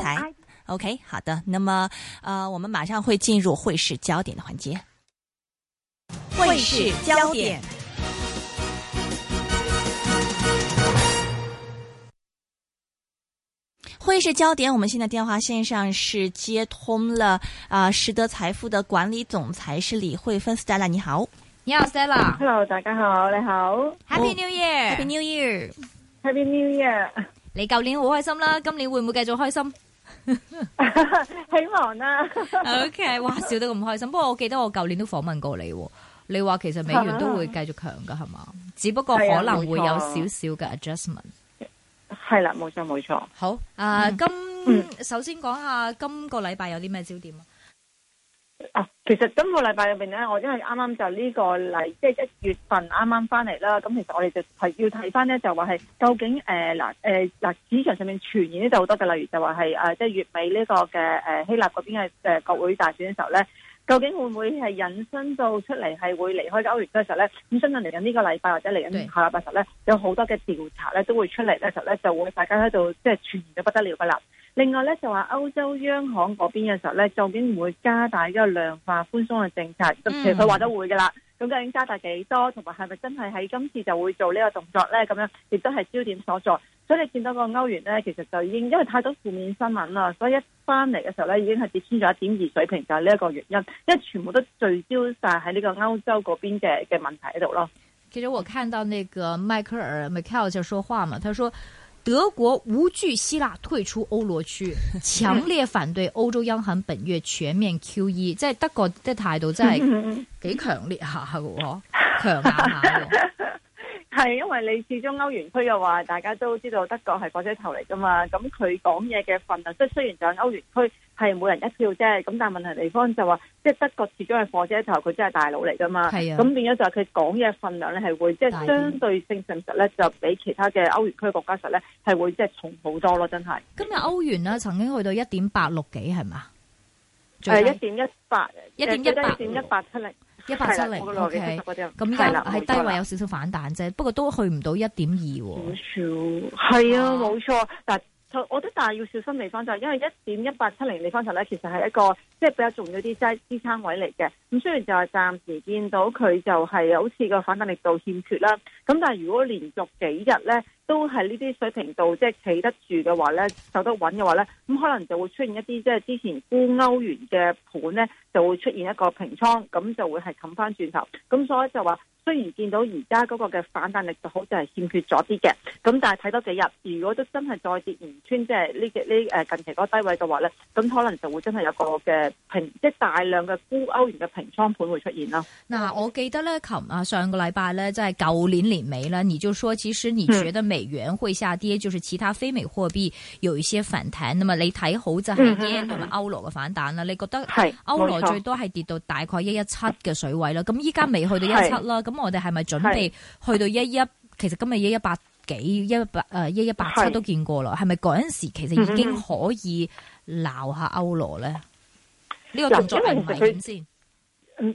台，OK，好的，那麼，呃，我們馬上會進入匯市焦點的環節。匯市焦點，匯市焦點，我們現在電話綫上是接通了啊，實德財富的管理總裁是李慧芬，Stella，你好，你好，Stella，Hello，大家好，你好，Happy New Year，Happy New Year，Happy New Year。你舊年好開心啦，今年會唔會繼續開心？希望啦。OK，哇，笑到咁開心。不過我記得我舊年都訪問過你，你話其實美元都會繼續強噶係嘛只不過可能會有少少嘅 adjustment。係啦，啊，冇錯冇錯。好，嗯，啊，今，嗯，首先講下今個禮拜有啲咩焦點啊。其實今個禮拜入邊咧，我因為啱啱就呢個嚟，即係一月份啱啱翻嚟啦。咁其實我哋就係要睇翻咧，就話係究竟誒嗱，誒嗱，市場上面傳言咧就好多，嘅。例如就話係誒即係月尾呢個嘅誒、呃、希臘嗰邊嘅誒國會大選嘅時候咧，究竟會唔會係引申到出嚟係會離開歐元區嘅時候咧？咁相信嚟緊呢個禮拜或者嚟緊下下禮拜十咧，有好多嘅調查咧都會出嚟嘅時候咧，就會大家喺度即係傳到不得了噶啦。另外咧就話歐洲央行嗰邊嘅時候咧，究竟會加大呢個量化寬鬆嘅政策？其實佢話得會噶啦，咁、嗯、究竟加大幾多？同埋係咪真係喺今次就會做呢個動作咧？咁樣亦都係焦點所在。所以你見到個歐元咧，其實就已經因為太多負面新聞啦，所以一翻嚟嘅時候咧，已經係跌穿咗一點二水平，就係呢一個原因。因為全部都聚焦晒喺呢個歐洲嗰邊嘅嘅問題喺度咯。其實我看到那個邁克爾 Michael 就說話嘛，他說。德國無懼希臘退出歐羅區，強烈反對歐洲央行本月全面 QE。即係德國嘅態度真係幾強烈下㗎，強硬下㗎。係，因為你始終歐元區嘅話，大家都知道德國係火車頭嚟噶嘛，咁佢講嘢嘅份量，即係雖然就係歐元區係每人一票啫，咁但係問題地方就話，即係德國始終係火車頭，佢真係大佬嚟噶嘛，咁、啊、變咗就係佢講嘢嘅份量咧係會即係相對性上實咧就比其他嘅歐元區國家實咧係會即係重好多咯，真係。今日歐元咧曾經去到一點八六幾係嘛？係，一點一八，一點一一點一八七零。一八七零，OK，咁係低位有少少反彈啫，不過都去唔到一點二喎。少係啊，冇、啊、錯。但我覺得，但係要小心地方就係因為一點一八七零地方就咧，其實係一個即係、就是、比較重要啲支支撐位嚟嘅。咁雖然就係暫時見到佢就係好似個反彈力度欠缺啦。咁但係如果連續幾日咧，都係呢啲水平度即係企得住嘅話呢，守得穩嘅話呢，咁可能就會出現一啲即係之前沽歐元嘅盤呢，就會出現一個平倉，咁就會係冚返轉頭。咁所以就話，雖然見到而家嗰個嘅反彈力就好似係欠缺咗啲嘅，咁但係睇多幾日，如果都真係再跌唔穿即係呢嘅呢近期嗰個低位嘅話呢，咁可能就會真係有一個嘅平，即係大量嘅沽歐元嘅平倉盤會出現咯。嗱，我記得呢琴、啊，上個禮拜呢，即係舊年年尾啦，你就說其實你覺得未。元會下跌，就是其他非美貨幣有一些反彈。咁啊，你睇好就係日圓同埋歐羅嘅反彈啦。你覺得歐羅最多係跌到大概一一七嘅水位啦。咁依家未去到一一七啦。咁我哋係咪準備去到一一？其實今日一一八幾、一一八誒、呃、一一八七都見過啦。係咪嗰陣時其實已經可以鬧下歐羅咧？呢、這個動作係唔係點先？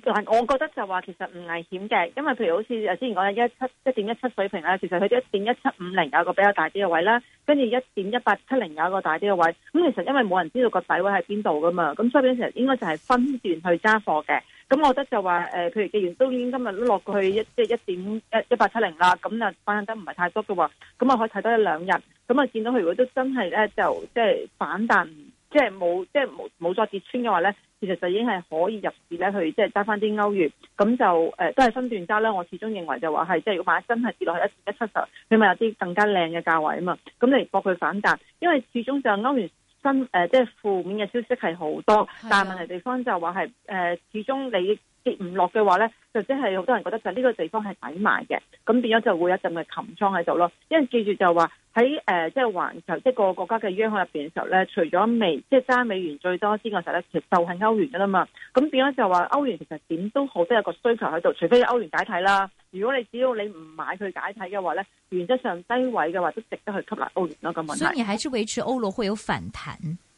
但係我覺得就話其實唔危險嘅，因為譬如好似誒之前講嘅一七一點一七水平啦，其實佢一點一七五零有一個比較大啲嘅位啦，跟住一點一八七零有一個大啲嘅位。咁其實因為冇人知道個底位喺邊度噶嘛，咁所以嗰成應該就係分段去揸貨嘅。咁我覺得就話誒，譬如既然都已經今日落過去一即係一點一一八七零啦，咁啊反映得唔係太足嘅喎，咁啊可以睇多一兩日，咁啊見到佢如果都真係咧就即係、即係、反彈，即係冇即係冇冇再跌穿嘅話咧。其實就已經係可以入市咧，去即係揸翻啲歐元，咁就誒、呃、都係分段揸啦。我始終認為就話係，即係如果買真係跌落去一一七十，你咪有啲更加靚嘅價位啊嘛，咁你搏佢反彈。因為始終就歐元新誒、呃，即係負面嘅消息係好多，但係問題地方就話係誒，始終你。跌唔落嘅話咧，就即係好多人覺得就呢個地方係抵買嘅，咁變咗就會有一陣嘅擒倉喺度咯。因為記住就話喺誒，即係環球即一個國家嘅央行入邊嘅時候咧，除咗美即係揸美元最多之外，其實咧其實就係歐元噶啦嘛。咁變咗就話歐元其實點都好都有個需求喺度，除非歐元解體啦。如果你只要你唔買佢解體嘅話咧，原則上低位嘅話都值得去吸納歐元咯。咁所以你還是維持歐羅會有反彈，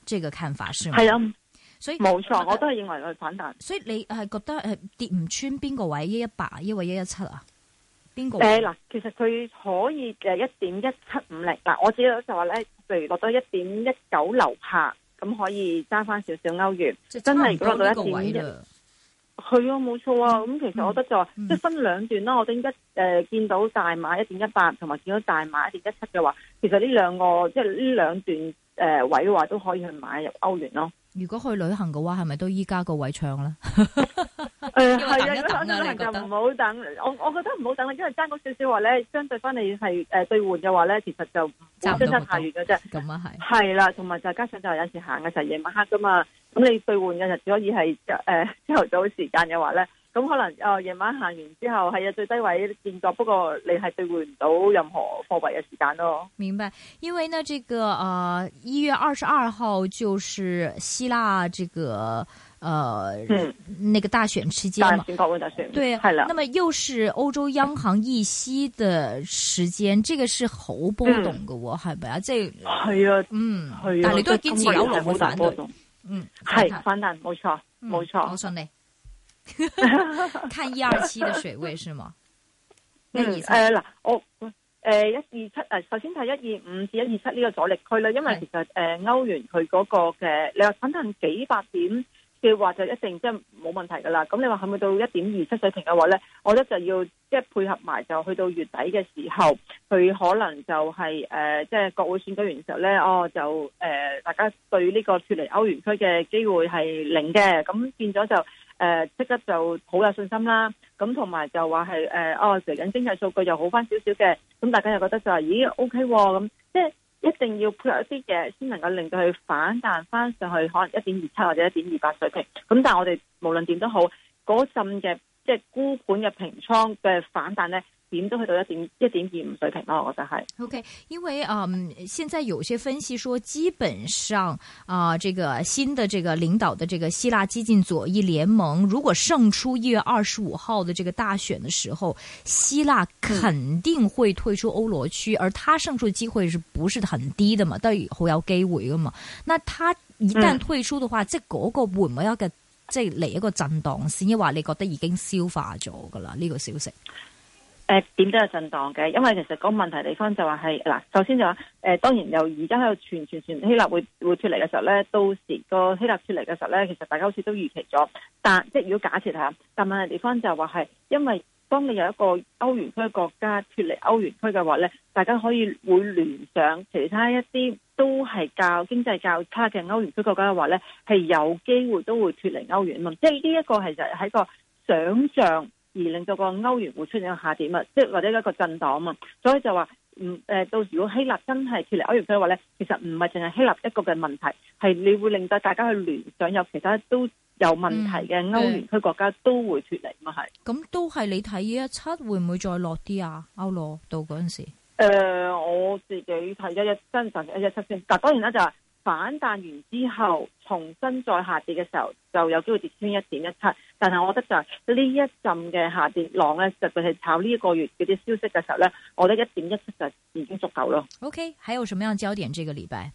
這個看法是嗎？係啦。所以冇錯、啊，我都係認為佢反彈。所以你係覺得誒跌唔穿邊個位？一一八啊，抑或一一七啊？邊個位？誒、呃、嗱，其實佢可以誒一點一七五零嗱。我自己就話咧，譬如落到一點一九樓下，咁可以揸翻少少歐元。真係如果落到一點一，係、嗯、啊，冇錯啊。咁其實我覺得就話、是，即、嗯、係、就是、分兩段啦。我哋依家誒見到大碼一點一八，同埋見到大碼一點一七嘅話，其實呢兩個即係呢兩段。誒、呃，位嘅話都可以去買入歐元咯。如果去旅行嘅話，係咪都依家個位唱咧？誒，係啊，如果旅行就唔好等。我我覺得唔好等啦，因為爭嗰少少話咧，相對翻你係誒兌換嘅話咧，其實就唔相差太遠嘅啫。咁、嗯、啊係。係啦，同埋就加上就有時行嘅時候夜、就是、晚黑噶嘛。咁你兌換嘅日子可以係誒朝頭早時間嘅話咧。咁、嗯、可能，誒、呃，夜晚行完之後係啊，是最低位建作，不過你係兌換唔到任何貨幣嘅時間咯。明白，因為呢，這個，啊、呃、一月二十二號就是希臘這個，誒、呃嗯，那個大選期間嘛，大選國會大選，對，係啦。那麼又是歐洲央行議息的時間，嗯，這個是好波動嘅，係咪啊？即係係啊，嗯，嗯但你都堅持樓係反，反，反嗯，係反彈，冇錯，冇錯，我信你。 看一二七的水位是嗎？ 那你嗯，誒、呃、嗱，我誒一二七誒，首先睇一二五至一二七呢個阻力區啦，因為其實誒歐、呃、元佢嗰個嘅，你話等緊幾百點。嘅話就一定即係冇問題噶啦，咁你話係咪到一點二七水平嘅話呢？我覺得就要即係配合埋就去到月底嘅時候，佢可能就係、是呃、即係國會選舉完嘅時候呢。哦就誒、呃、大家對呢個脫離歐元區嘅機會係零嘅，咁變咗就誒即、呃、刻就好有信心啦，咁同埋就話係誒哦嚟緊經濟數據又好翻少少嘅，咁大家又覺得就話咦 OK 咁、哦、即。一定要配合一啲嘢，先能夠令到佢反彈翻上去，可能一點二七或者一點二八水平。咁但係我哋無論點都好，嗰陣嘅即係沽盤嘅平倉嘅反彈咧。點都去到一點一點二五水平咯、啊，我覺得係。O、okay, K，因為嗯、呃，現在有些分析說，基本上啊、呃，這個新的這個領導的這個希臘激進左翼聯盟如果勝出一月二十五號的這個大選的時候，希臘肯定會退出歐羅區，而他勝出的機會是不是很低的嘛？都好有機會嘅嘛？那他一旦退出的話，即個股會唔會有一個即係嚟一個震蕩先，抑或你覺得已經消化咗噶啦？呢、這個消息？誒點都有震蕩嘅，因為其實個問題地方就話係嗱，首先就話誒、呃，當然由而家喺度傳傳希臘會會脱離嘅時候咧，到時個希臘脱離嘅時候咧，其實大家好似都預期咗。但即係如果假設嚇，但問題地方就話話係，因為當你有一個歐元區國家脱離歐元區嘅話咧，大家可以會聯想其他一啲都係較經濟較差嘅歐元區國家嘅話咧，係有機會都會脱離歐元。即係呢一個係就喺個想像。而令到個歐元會出現下跌，即係或者一個震盪嘛，所以就話唔誒，到時如果希臘真係脫離歐元區嘅話咧，其實唔係淨係希臘一個嘅問題，係你會令到大家去聯想，有其他都有問題嘅歐元區國家都會脫離嘛，係、嗯。咁都係你睇一七會唔會再落啲啊？歐羅到嗰陣時候。誒、呃，我自己睇一七真實一七先，但當然啦、就是，就係。反彈完之後，重新再下跌嘅時候，就有機會跌穿一點一七。但係我覺得就係呢一陣嘅下跌浪咧，就係炒呢一個月嗰啲消息嘅時候咧，我覺得一點一七就已經足夠咯。OK，還有什麼樣焦點？這個禮拜？誒、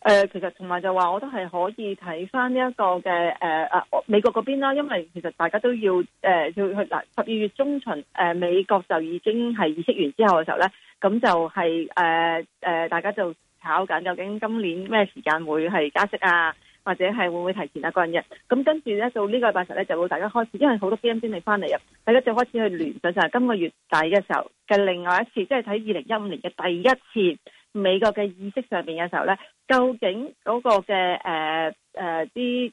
呃，其實同埋就話，我都係可以睇返呢一個嘅誒誒美國嗰邊啦，因為其實大家都要誒、呃、要去嗱十二月中旬，誒、呃、美國就已經係議息完之後嘅時候咧，咁就係誒誒大家就。炒緊究竟今年咩時間會係加息啊，或者係會唔會提前一個人嘅？咁跟住咧到呢個禮拜日咧就會大家開始，因為好多基金經理翻嚟啊，大家就開始去聯想就係今個月底嘅時候嘅另外一次，即係睇二零一五年嘅第一次美國嘅議息上邊嘅時候咧，究竟嗰個嘅誒誒啲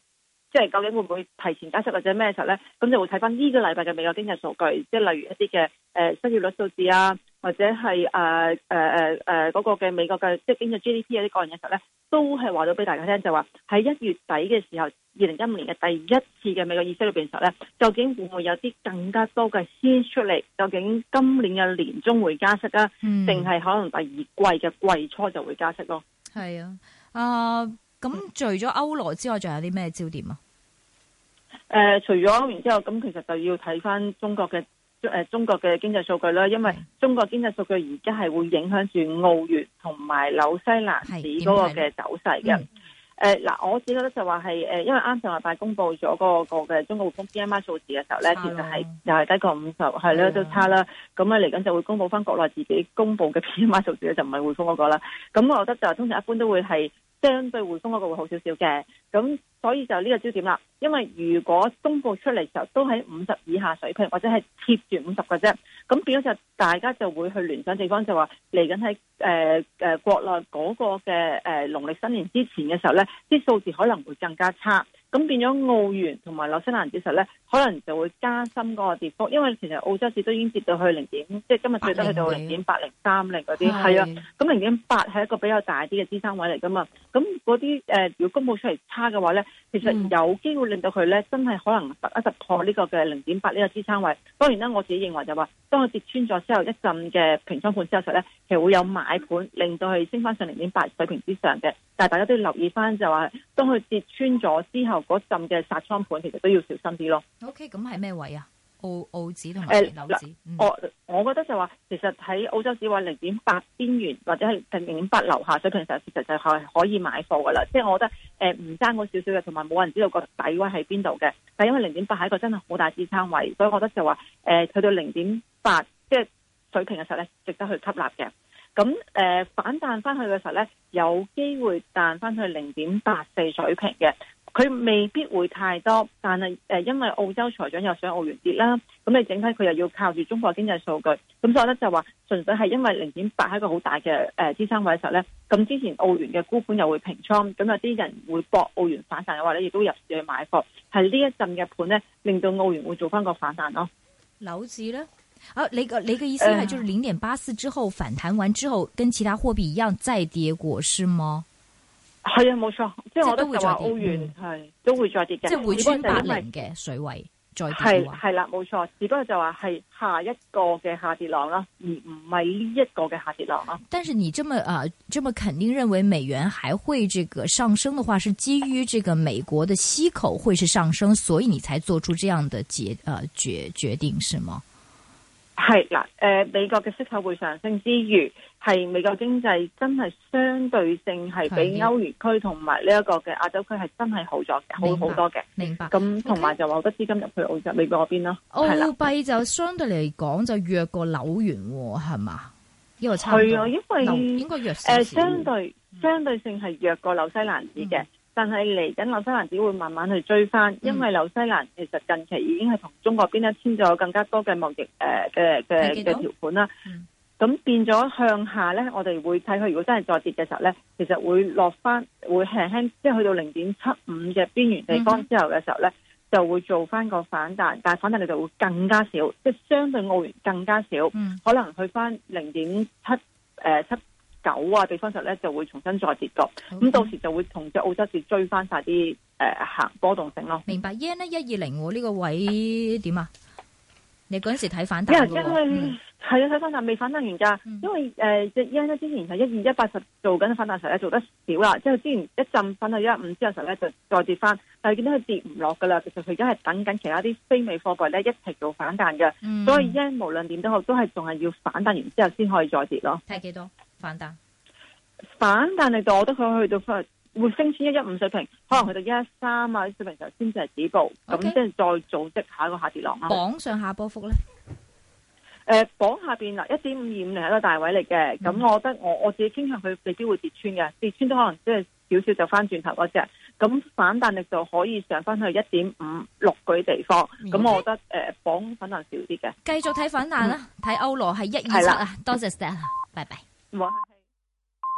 即係究竟會唔會提前加息或者咩時候咧？咁就會睇翻呢個禮拜嘅美國經濟數據，即係例如一啲嘅誒失業率數字啊。或者係誒誒誒誒嗰個嘅美國嘅即係經濟 GDP 有啲個人嘅時候咧，都係話咗俾大家聽就話喺一月底嘅時候，二零一五年嘅第一次嘅美國議息裏邊嘅時候咧，究竟會唔會有啲更加多嘅先出嚟？究竟今年嘅年中會加息啦，定、嗯、係可能第二季嘅季初就會加息咯？係啊，啊咁除咗歐羅之外，仲有啲咩焦點、嗯、啊？誒，除咗歐羅之外，咁、啊、其實就要睇翻中國嘅。誒中國嘅經濟數據啦，因為中國經濟數據而家係會影響住澳元同埋紐西蘭市嗰個嘅走勢嘅。誒嗱、嗯呃，我自己覺得就話係誒，因為啱上禮拜公布咗嗰個嘅中國匯豐 P M I 數字嘅時候咧，其實係又係低過五十，係咧都差啦。咁咧嚟緊就會公布返國內自己公布嘅 P M I 數字咧，就唔係匯豐嗰個啦。咁我覺得就是、通常一般都會係。相對匯豐嗰個會好少少嘅，咁所以就呢個焦點啦。因為如果公布出嚟時候都喺五十以下水平，或者係貼住五十嘅啫，咁變咗就大家就會去聯想，地方就話嚟緊喺誒誒國內嗰個嘅誒農曆新年之前嘅時候咧，啲數字可能會更加差。咁變咗澳元同埋紐西蘭指實咧，可能就會加深個跌幅，因為其實澳洲市都已經跌到去零點，即係今日最低去到零點八零三零嗰啲，係啊，咁零點八係一個比較大啲嘅支撐位嚟噶嘛。咁嗰啲誒，如果公布出嚟差嘅話咧，其實有機會令到佢咧真係可能突一突破呢個嘅零點八呢個支撐位。當然啦，我自己認為就話，當佢跌穿咗之後，一陣嘅平倉盤之後實咧，其實會有買盤令到佢升翻上零點八水平之上嘅。但係大家都要留意翻就話，當佢跌穿咗之後，嗰陣嘅殺倉盤其實都要小心啲咯。OK，咁係咩位啊？澳澳紙同埋樓紙。我我覺得就話，其實喺澳洲紙話零點八邊緣或者係零點八樓下水平時，所以其實事實就係可以買貨㗎啦。即、就、係、是、我覺得誒唔爭嗰少少嘅，同埋冇人知道個底位喺邊度嘅。但因為零點八係一個真係好大支撐位，所以我覺得就話誒、呃、去到零點八即係水平嘅時候咧，值得去吸納嘅。咁誒、呃、反彈翻去嘅時候咧，有機會彈翻去零點八四水平嘅。佢未必會太多，但係誒，因為澳洲財長又想澳元跌啦，咁你整體佢又要靠住中國經濟數據，咁所以咧就話，純粹係因為零點八係一個好大嘅誒支撐位嘅時候咧，咁之前澳元嘅沽盤又會平倉，咁有啲人會博澳元反彈嘅話咧，亦都入市去買貨，係呢一陣嘅盤咧令到澳元會做翻個反彈咯。樓市咧，啊你個你個意思係就是零點八四之後反彈完之後，跟其他貨幣一樣再跌過，是嗎？係啊，冇錯，即係我都會話歐元係都會再跌嘅，即係、嗯、會穿八零嘅水位再跌嘅。係係啦，冇錯，只不過就話係下一個嘅下跌浪咯，而唔係呢一個嘅下跌浪咯。但是你這麼啊、呃，這麼肯定認為美元還會這個上升的話，是基於這個美國的息口會是上升，所以你才做出這樣的、呃、決啊決決定，是嗎？係嗱，誒、呃，美國嘅息口會上升之餘，係美國經濟真係相對性係比歐元區同埋呢一個嘅亞洲區係真係好咗嘅，好好多嘅。明白。咁同埋就話我得資金入去澳洲、美國嗰邊咯。澳幣就相對嚟講就弱過紐元係嘛？呢、這個差唔多。係啊，因為 no, 應該弱點點。誒、呃，相對相對性係弱過紐西蘭紙嘅。嗯。但係嚟緊紐西蘭只會慢慢去追翻，因為紐西蘭其實近期已經係同中國邊一簽咗更加多嘅貿易誒嘅嘅嘅條款啦。咁、嗯、變咗向下咧，我哋會睇佢如果真係再跌嘅時候咧，其實會落翻，會輕輕即係去到零點七五嘅邊緣地方之後嘅時候咧、嗯，就會做翻個反彈，但係反彈力度會更加少，即、就、係、是、相對澳元更加少，嗯、可能去翻零點七誒七。九啊，地方就咧就會重新再跌落，咁、okay。到時就會同隻澳洲市追翻晒啲誒行波動性咯。明白 yen 呢，一二零呢個位點啊？你嗰陣時睇反彈嘅喎。Yeah, 就是嗯係啊，睇返就未反彈完噶、嗯，因為誒，即係一之前就一二一八十做緊反彈時咧，做得少啦。之後之前一震返到一五之後時咧，就再跌翻。但係見到佢跌唔落噶啦，其實佢而家係等緊其他啲非美貨幣咧一齊做反彈嘅、嗯。所以而家無論點都好，都係仲係要反彈完之後先可以再跌咯。係幾多反彈？反彈你度，我覺得佢去到會會升穿一一五水平，可能去到一一三啊啲水平、okay? 就先至係止步。咁即係再做即下一個下跌浪。榜上下波幅咧？誒、呃，榜下邊嗱，一點五二五零係一個大位嚟嘅，咁我覺得我我自己傾向佢未必會跌穿嘅，跌穿都可能即係少少就翻轉頭嗰隻，咁反彈力就可以上翻去一點五六嗰地方，咁我覺得誒，榜、呃、反彈少啲嘅，繼續睇反彈啦，睇、嗯、歐羅係一二七啊，多謝 Stella，拜拜。